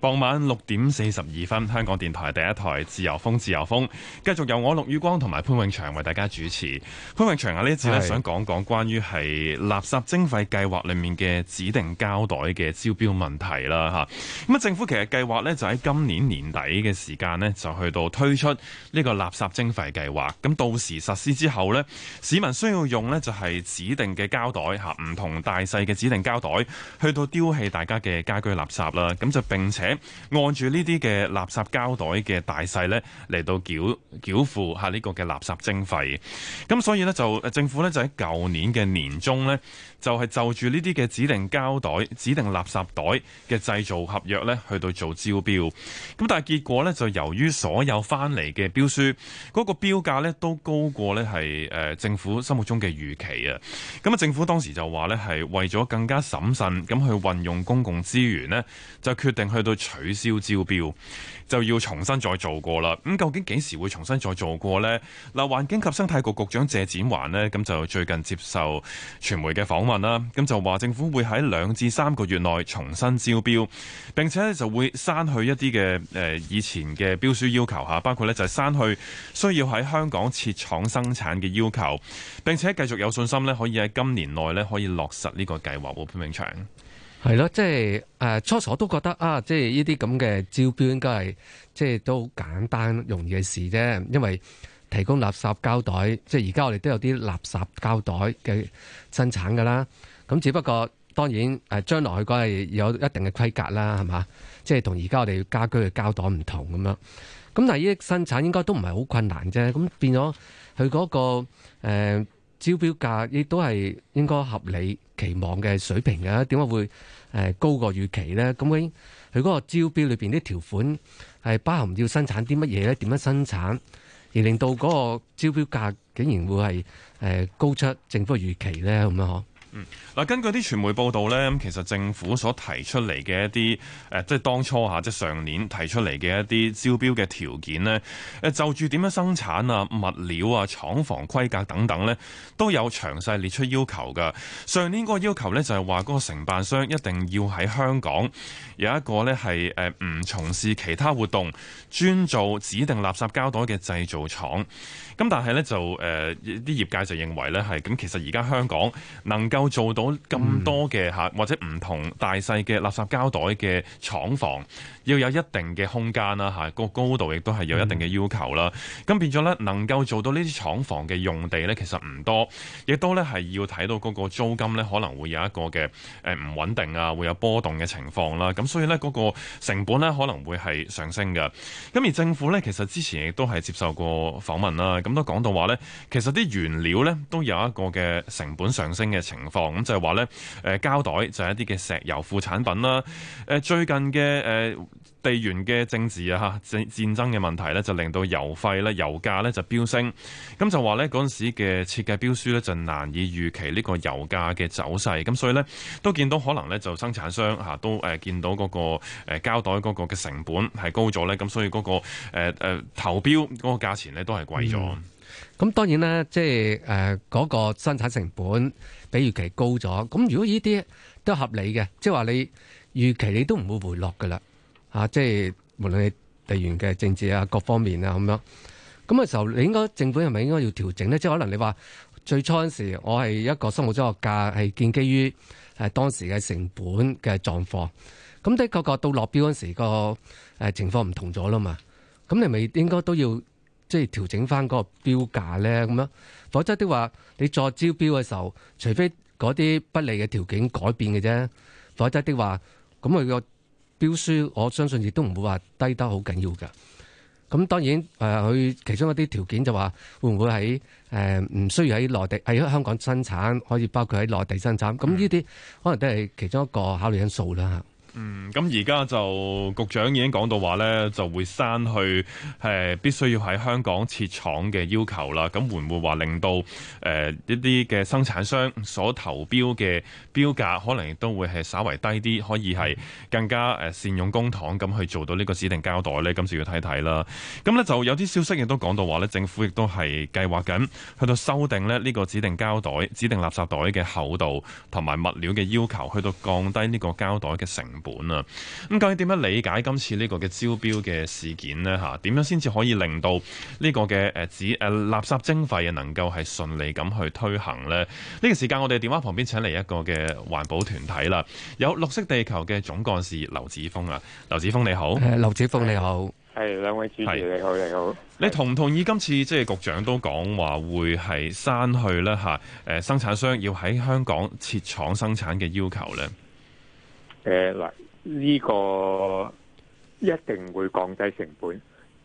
傍晚六點四十二分，香港電台第一台自由風，自由風，繼續由我陸宇光同埋潘永祥為大家主持。潘永祥啊，呢一次咧是想講講關於係垃圾徵費計劃裏面嘅指定膠袋嘅招標問題啦，吓。咁啊，政府其實計劃咧就喺今年年底嘅時間咧就去到推出呢個垃圾徵費計劃。咁到時實施之後咧，市民需要用咧就係、是、指定嘅膠袋吓，唔、啊、同大細嘅指定膠袋去到丟棄大家嘅家居垃圾啦。咁就並且。按住呢啲嘅垃圾膠袋嘅大細咧，嚟到繳繳付下呢個嘅垃圾徵費，咁所以咧就政府咧就喺舊年嘅年中咧，就係就住呢啲嘅指定膠袋、指定垃圾袋嘅製造合約咧，去到做招標，咁但係結果咧就由於所有翻嚟嘅標書嗰個標價咧都高過咧係誒政府心目中嘅預期啊。咁啊政府當時就話咧係為咗更加審慎咁去運用公共資源咧，就決定去到。取消招標，就要重新再做過啦。咁究竟幾時會重新再做過咧？嗱，環境及生態局局長謝展寰咧，咁就最近接受傳媒嘅訪問啦。咁就話政府會喺兩至三個月內重新招標，並且咧就會刪去一啲嘅、誒以前嘅標書要求吓，包括咧就係刪去需要喺香港設廠生產嘅要求，並且繼續有信心咧可以喺今年內咧可以落實呢個計劃。好，潘永祥。係咯，即係誒，初時我都覺得啊，即係呢啲咁嘅招標應該係即係都簡單容易嘅事啫，因為提供垃圾膠袋，即係而家我哋都有啲垃圾膠袋嘅生產噶啦。咁只不過當然誒，將來佢嗰係有一定嘅規格啦，係嘛，即係同而家我哋家居嘅膠袋唔同咁樣。咁但係呢啲生產應該都唔係好困難啫，咁變咗佢嗰個誒。呃招標價亦都係應該合理期望嘅水平嘅，點解會誒高過預期咧？咁佢佢嗰個招標裏邊啲條款係包含要生產啲乜嘢咧？點樣生產而令到嗰個招標價竟然會係誒高出政府預期咧？咁樣呵？嗯，嗱，根據啲傳媒報道咧，咁其實政府所提出嚟嘅一啲誒，即係當初吓即係上年提出嚟嘅一啲招標嘅條件咧，誒就住點樣生產啊、物料啊、廠房規格等等咧，都有詳細列出要求嘅。上年個要求咧就係話嗰個承辦商一定要喺香港有一個咧係誒唔從事其他活動，專做指定垃圾膠袋嘅製造廠，咁但係咧就誒啲、呃、業界就認為咧係咁，其實而家香港能夠。有做到咁多嘅嚇，或者唔同大細嘅垃圾膠袋嘅廠房。要有一定嘅空間啦，嚇個高度亦都係有一定嘅要求啦。咁、嗯、變咗呢，能夠做到呢啲廠房嘅用地呢，其實唔多，亦都呢係要睇到嗰個租金呢，可能會有一個嘅誒唔穩定啊，會有波動嘅情況啦。咁所以呢，嗰個成本呢可能會係上升嘅。咁而政府呢，其實之前亦都係接受過訪問啦，咁都講到話呢，其實啲原料呢都有一個嘅成本上升嘅情況。咁就係話呢，誒膠袋就係一啲嘅石油副產品啦。誒最近嘅誒。地緣嘅政治啊，吓戰爭嘅問題咧，就令到油費咧、油價咧就飆升。咁就話咧嗰陣時嘅設計標書咧，就難以預期呢個油價嘅走勢。咁所以咧都見到可能咧就生產商吓都誒見到嗰個誒膠袋嗰個嘅成本係高咗咧，咁所以嗰個誒誒投標嗰個價錢咧都係貴咗。咁、嗯、當然啦，即係誒嗰個生產成本比預期高咗。咁如果呢啲都合理嘅，即係話你預期你都唔會回落噶啦。啊，即係無論地緣嘅政治啊，各方面啊咁樣，咁嘅時候，你應該政府係咪應該要調整咧？即係可能你話最初嗰時，我係一個生活中合價係建基於誒、呃、當時嘅成本嘅狀況，咁的確個到落標嗰時個誒、呃、情況唔同咗啦嘛，咁你咪應該都要即係調整翻個標價咧？咁樣否則的話，你再招標嘅時候，除非嗰啲不利嘅條件改變嘅啫，否則的話，咁佢個。標書我相信亦都唔會話低得好緊要㗎。咁當然誒，佢其中一啲條件就話會唔會喺誒唔需要喺內地喺香港生產，可以包括喺內地生產。咁呢啲可能都係其中一個考慮因素啦。嗯，咁而家就局長已經講到話咧，就會刪去誒、呃、必須要喺香港設廠嘅要求啦。咁會唔會話令到誒、呃、一啲嘅生產商所投標嘅標價可能亦都會係稍微低啲，可以係更加誒、呃、善用公帑咁去做到呢個指定膠袋咧？咁就要睇睇啦。咁咧就有啲消息亦都講到話咧，政府亦都係計劃緊去到修訂咧呢個指定膠袋、指定垃圾袋嘅厚度同埋物料嘅要求，去到降低呢個膠袋嘅成本啊，咁究竟點樣理解今次呢個嘅招標嘅事件呢？吓，點樣先至可以令到呢個嘅誒，指誒垃圾徵費啊，能夠係順利咁去推行呢？呢，這個時間我哋電話旁邊請嚟一個嘅環保團體啦，有綠惜地球嘅總幹事劉祉鋒啊，劉祉鋒你好，劉祉鋒你好，係兩位主持你好你好，你，好你同唔同意今次即係局長都講話會係刪去咧吓，誒，生產商要喺香港設廠生產嘅要求呢？誒，嗱呢個一定會降低成本，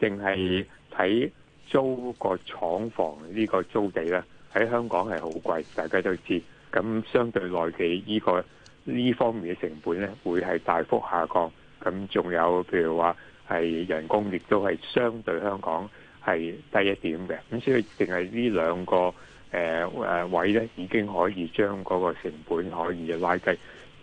淨係睇，租個廠房呢個租地咧，喺香港係好貴，大家都知。咁相對內地呢個呢方面嘅成本咧，會係大幅下降。咁仲有譬如話係人工，亦都係相對香港係低一點嘅。咁所以淨係呢兩個誒誒位咧，已經可以將嗰個成本可以拉低。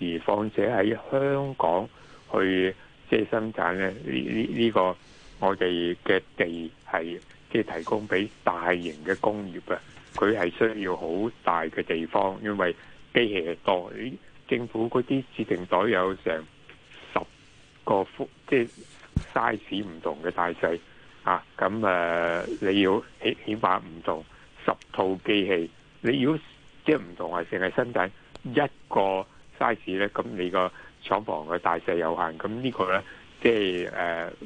而況且喺香港去即係生產咧，呢呢呢個我哋嘅地係即係提供俾大型嘅工業啊，佢係需要好大嘅地方，因為機器係多。政府嗰啲指定袋有成十個幅，即係 size 唔同嘅大細啊。咁誒你要起起碼唔同十套機器，你如果即係唔同，係淨係生產一個。size 咧，咁你個廠房嘅大細有限，咁呢個咧，即係誒，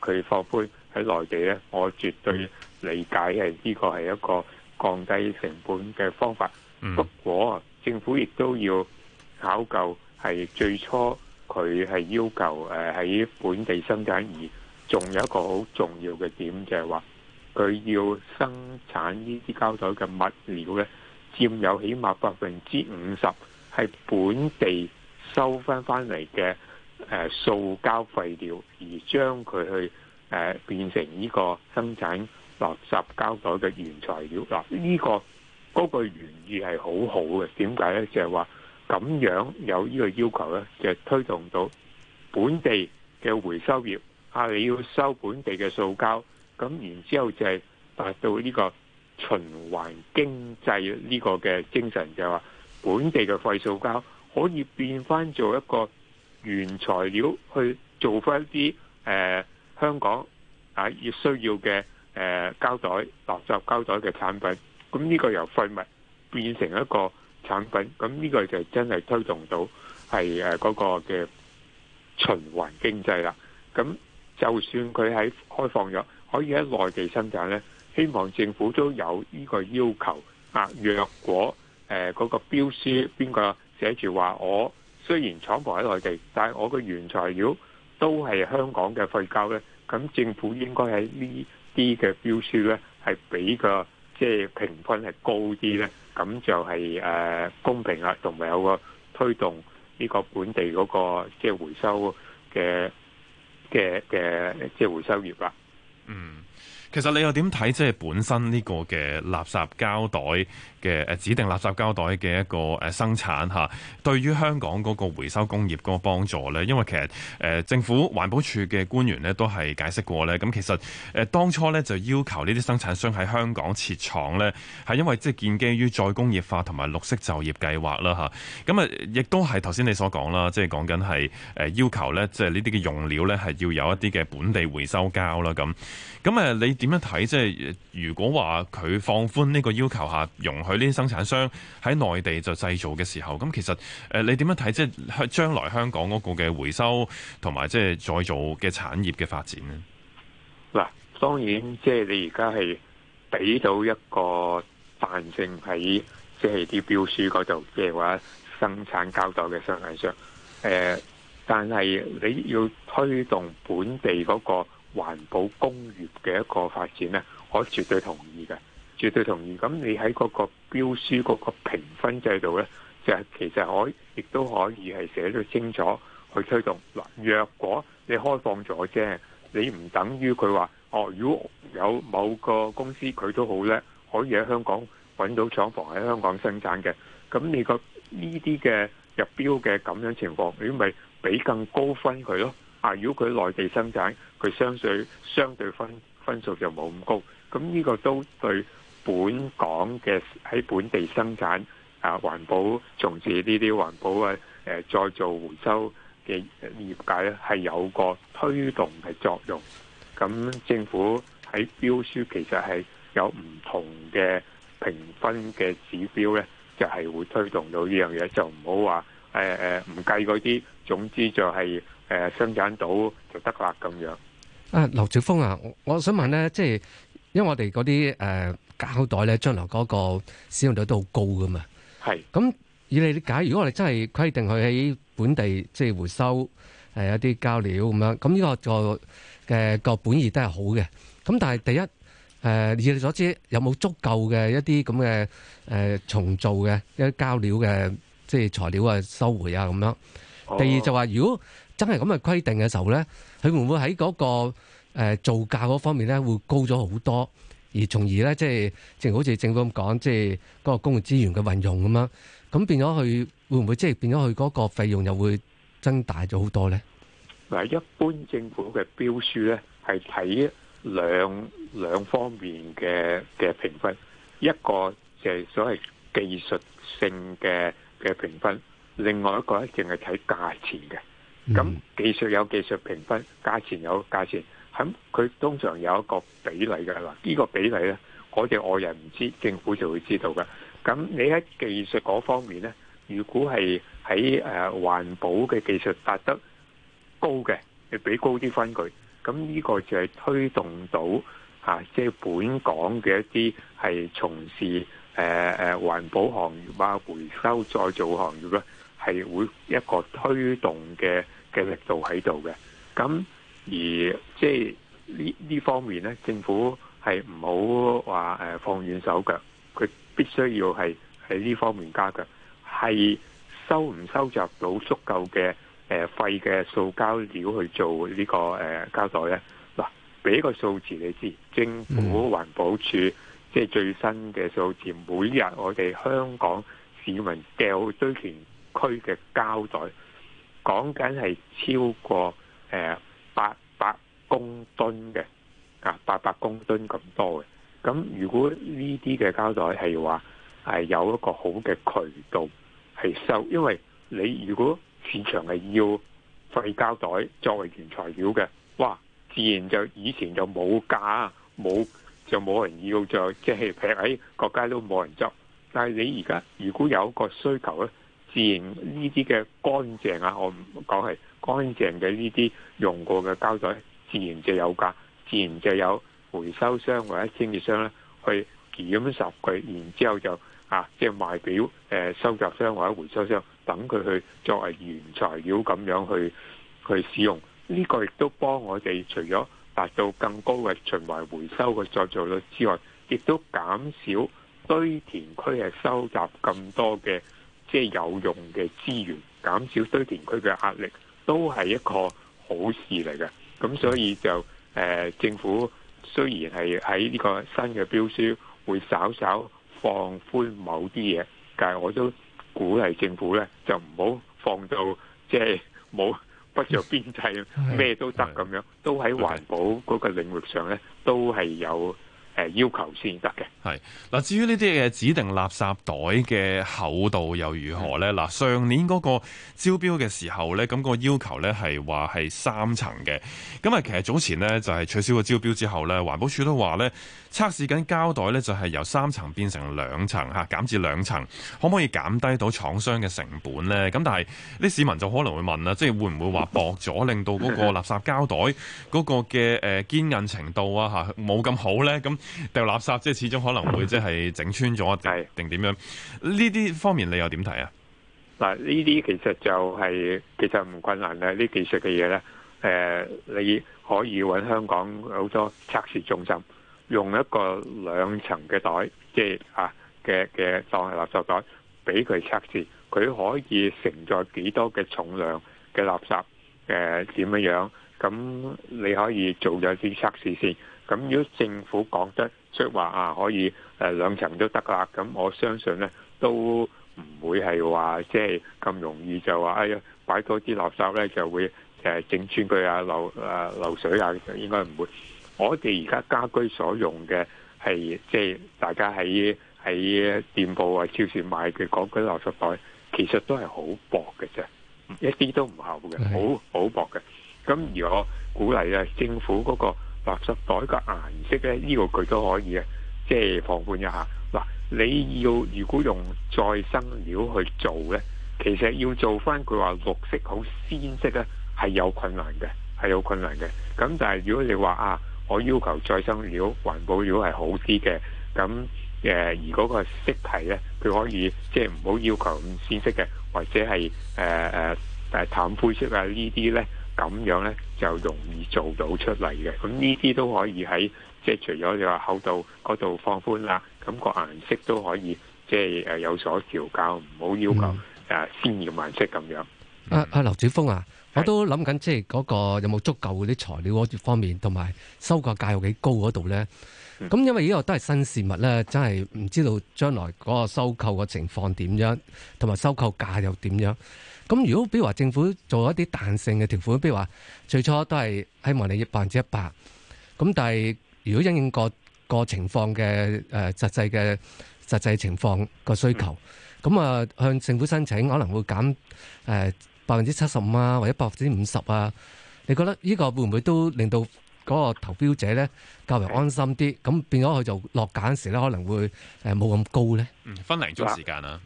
佢、呃、放寬喺內地咧，我絕對理解係呢個係一個降低成本嘅方法。嗯、不過政府亦都要考究係最初佢係要求誒喺本地生產，而仲有一個好重要嘅點就係話，佢要生產呢啲膠袋嘅物料咧，佔有起碼百分之五十。係本地收翻翻嚟嘅誒塑膠廢料，而將佢去誒變成呢個生產垃圾膠袋嘅原材料。嗱，呢個嗰個原意係好好嘅。點解咧？就係話咁樣有呢個要求咧，就推動到本地嘅回收業啊！你要收本地嘅塑膠，咁然之後就係達到呢個循環經濟呢個嘅精神，就係話。本地嘅廢塑膠可以變翻做一個原材料，去做翻一啲香港啊要需要嘅誒膠袋、垃圾膠袋嘅產品，咁呢個由廢物變成一個產品，咁呢個就真係推動到係嗰個嘅循環經濟啦。咁就算佢喺開放咗，可以喺內地生產呢，希望政府都有呢個要求啊。若果誒嗰、呃那個標書邊個寫住話我雖然廠房喺內地，但係我嘅原材料都係香港嘅廢膠呢，咁政府應該喺呢啲嘅標書呢，係比個即係評分係高啲呢。咁就係、是呃、公平啦，同埋有個推動呢個本地嗰、那個即係、就是、回收嘅嘅嘅即係回收業啦，嗯。其實你又點睇即係本身呢個嘅垃圾膠袋嘅指定垃圾膠袋嘅一個生產嚇，對於香港嗰個回收工業嗰個幫助咧？因為其實政府環保處環保署嘅官員咧都係解釋過咧，咁其實誒當初咧就要求呢啲生產商喺香港設廠咧，係因為即係建基於再工業化同埋綠色就業計劃啦吓，咁啊，亦都係頭先你所講啦，即係講緊係要求咧，即係呢啲嘅用料咧係要有一啲嘅本地回收膠啦咁。咁誒你？點樣睇？即係如，如果話佢放寬呢個要求下，容許呢啲生產商喺內地就製造嘅時候，咁其實誒，你點樣睇？即係將來香港嗰個嘅回收同埋即係再造嘅產業嘅發展呢？嗱，當然即係你而家係俾到一個彈性喺即係啲標書嗰度，即係話生產膠袋嘅生產商誒，但係你要推動本地嗰、那個。環保工業嘅一個發展呢，我絕對同意嘅，絕對同意。咁你喺嗰個標書嗰個評分制度呢，就係其實可亦都可以係寫得清楚去推動。嗱，若果你開放咗啫，你唔等於佢話哦，如果有某個公司佢都好叻，可以喺香港揾到廠房喺香港生產嘅，咁你個呢啲嘅入標嘅咁樣的情況，你咪俾更高分佢咯。啊！如果佢內地生產，佢相對相對分分數就冇咁高，咁呢個都對本港嘅喺本地生產啊，環保從事呢啲環保啊誒再造回收嘅業界咧，係有個推動嘅作用。咁政府喺標書其實係有唔同嘅評分嘅指標咧，就係會推動到呢樣嘢，就唔好話誒誒唔計嗰啲，總之就係。誒，生產到就得啦，咁樣。啊，劉祉鋒啊，我我想問咧，即係因為我哋嗰啲誒膠袋咧，將來嗰個使用率都好高噶嘛。係。咁以你理解，如果我哋真係規定佢喺本地即係回收，誒一啲膠料咁樣，咁呢個個嘅個本意都係好嘅。咁但係第一，誒以你所知有冇足夠嘅一啲咁嘅誒重做嘅一啲膠料嘅即係材料啊收回啊咁樣？第二就話如果。真係咁嘅規定嘅時候咧，佢會唔會喺嗰個誒造價嗰方面咧會高咗好多，而從而咧即係，正如好似政府咁講，即係嗰個公共資源嘅運用咁樣，咁變咗佢會唔會即係變咗佢嗰個費用又會增大咗好多咧？嗱，一般政府嘅標書咧係睇兩兩方面嘅嘅評分，一個就係所謂技術性嘅嘅評分，另外一個咧淨係睇價錢嘅。咁技術有技術評分，價錢有價錢，咁佢通常有一個比例㗎嗱，呢個比例咧，我哋外人唔知，政府就會知道嘅。咁你喺技術嗰方面咧，如果係喺誒環保嘅技術達得高嘅，你俾高啲分佢，咁呢個就係推動到嚇，即係本港嘅一啲係從事誒誒環保行業啊、回收再造行業咧，係會一個推動嘅。嘅力度喺度嘅，咁而即係呢呢方面咧，政府係唔好話誒放軟手腳，佢必須要係喺呢方面加強，係收唔收集到足夠嘅誒廢嘅塑膠料去做呢個誒膠袋咧？嗱，俾個數字你知，政府環保署即係最新嘅數字，每日我哋香港市民掉堆填區嘅膠袋，講緊係超過誒八百公噸嘅，啊八百公噸咁多嘅。咁如果呢啲嘅膠袋係話係有一個好嘅渠道係收，因為你如果市場係要廢膠袋作為原材料嘅，哇！自然就以前就冇價，冇就冇人要，就即係撇喺街都冇人執。但係你而家如果有一個需求咧？自然呢啲嘅乾淨啊，我唔講係乾淨嘅呢啲用過嘅膠袋，自然就有價，自然就有回收商或者清潔商咧去檢拾佢，然之後就啊，即係賣表收集商或者回收商等佢去作為原材料咁樣去去使用。呢個亦都幫我哋除咗達到更高嘅循環回收嘅再造率之外，亦都減少堆填區係收集咁多嘅。即係有用嘅資源，減少堆填區嘅壓力，都係一個好事嚟嘅。咁所以就誒、呃，政府雖然係喺呢個新嘅標書會稍稍放寬某啲嘢，但係我都鼓勵政府咧就唔好放到即係冇不着邊際咩都得咁樣，都喺環保嗰個領域上咧都係有。誒要求先得嘅，係嗱，至於呢啲嘅指定垃圾袋嘅厚度又如何呢？嗱是，上年嗰個招標嘅時候呢，咁，個要求呢係話係三層嘅。咁啊，其實早前呢，就係、是、取消咗招標之後呢，環保署都話呢，測試緊膠袋呢就係由三層變成兩層吓，減至兩層，可唔可以減低到廠商嘅成本呢？咁但係啲市民就可能會問啦，即係會唔會話薄咗，令到嗰個垃圾膠袋嗰個嘅誒堅韌程度啊吓冇咁好呢？」咁掉垃圾即係始終可能會即係整穿咗定係定點樣？呢啲方面你又點睇啊？嗱，呢啲其實就係、是、其實唔困難咧，呢技術嘅嘢咧，誒、呃，你可以揾香港好多測試中心，用一個兩層嘅袋，即係啊嘅嘅，當係垃圾袋，俾佢測試，佢可以承載幾多嘅重量嘅垃圾？誒、呃，點樣樣？咁你可以做咗啲測試先。咁如果政府講得出話啊，可以、啊、兩層都得啦，咁我相信咧都唔會係話即係咁容易就話哎呀擺多啲垃圾咧就會、啊、整穿佢啊流、啊、漏水啊，應該唔會。我哋而家家居所用嘅係即係大家喺喺店鋪啊、超市買嘅嗰啲垃圾袋，其實都係好薄嘅啫，一啲都唔厚嘅，好好薄嘅。咁如果鼓勵啊，政府嗰、嗰個。垃圾袋嘅顏色咧，呢、呢個佢都可以嘅，即係放寬一下。嗱，你要如果用再生料去做咧，其實要做翻佢話綠色好鮮色咧，係有困難嘅，係有困難嘅。咁但係如果你話啊，我要求再生料、環保料係好啲嘅，咁誒而嗰個色系咧，佢可以即係唔好要求咁鮮色嘅，或者係誒誒誒淡灰色啊呢啲咧。咁樣咧就容易做到出嚟嘅，咁呢啲都可以喺即係除咗你話厚度嗰度放寬啦，咁個顏色都可以即係誒有所調校，唔好要求誒鮮豔顏色咁樣。阿阿劉祉鋒啊，我都諗緊即係嗰個有冇足夠啲材料嗰方面，同埋收購價有幾高嗰度咧。咁因為呢個都係新事物咧，真係唔知道將來嗰個收購嘅情況點樣，同埋收購價又點樣。咁如果比如話政府做一啲彈性嘅條款，比如話最初都係希望利益百分之一百，咁但係如果因應個個情況嘅誒實際嘅實際情況個需求，咁啊向政府申請可能會減誒百分之七十五啊，或者百分之五十啊，你覺得依個會唔會都令到嗰個投標者咧較為安心啲？咁變咗佢就落價嗰時咧可能會誒冇咁高咧。嗯，分零鐘時間啊，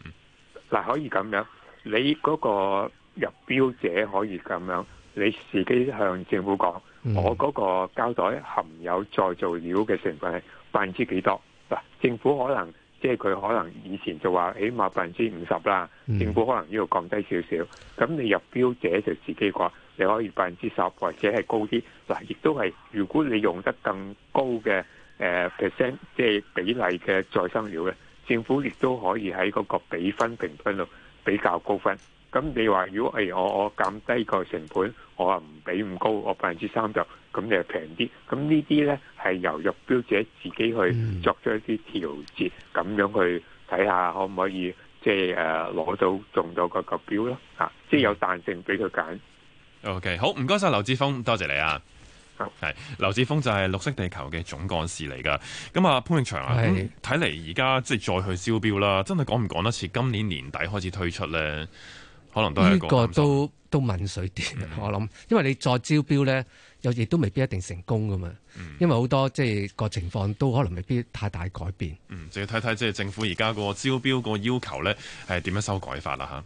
嗱可以咁樣。你嗰個入標者可以咁樣，你自己向政府講，嗯、我嗰個膠袋含有再造料嘅成分係百分之幾多？嗱，政府可能即係佢可能以前就話起碼百分之五十啦，嗯、政府可能要降低少少，咁你入標者就自己講，你可以百分之十或者係高啲。嗱，亦都係如果你用得更高嘅誒、呃、percent，即係比例嘅再生料嘅，政府亦都可以喺嗰個比分評分度。比較高分，咁你話如果誒、哎、我我減低個成本，我啊唔俾咁高，我百分之三就，咁你係平啲，咁呢啲呢，係由入標者自己去作出一啲調節，咁樣去睇下可唔可以即係攞、呃、到中到個個標咯，嚇、啊，即係有彈性俾佢揀。OK，好，唔該晒劉祉鋒，多謝，謝你啊。係，劉祉鋒就係綠惜地球嘅總幹事嚟噶。咁啊，潘永祥啊，睇嚟，而家即係再去招標啦，真係講唔講得似今年年底開始推出咧？可能都呢個，個都都敏水啲，嗯、我諗，因為你再招標咧，有亦都未必一定成功噶嘛。因為好多即係個情況都可能未必太大改變。嗯，就要睇睇即係政府而家個招標個要求咧，係點樣修改法啦吓。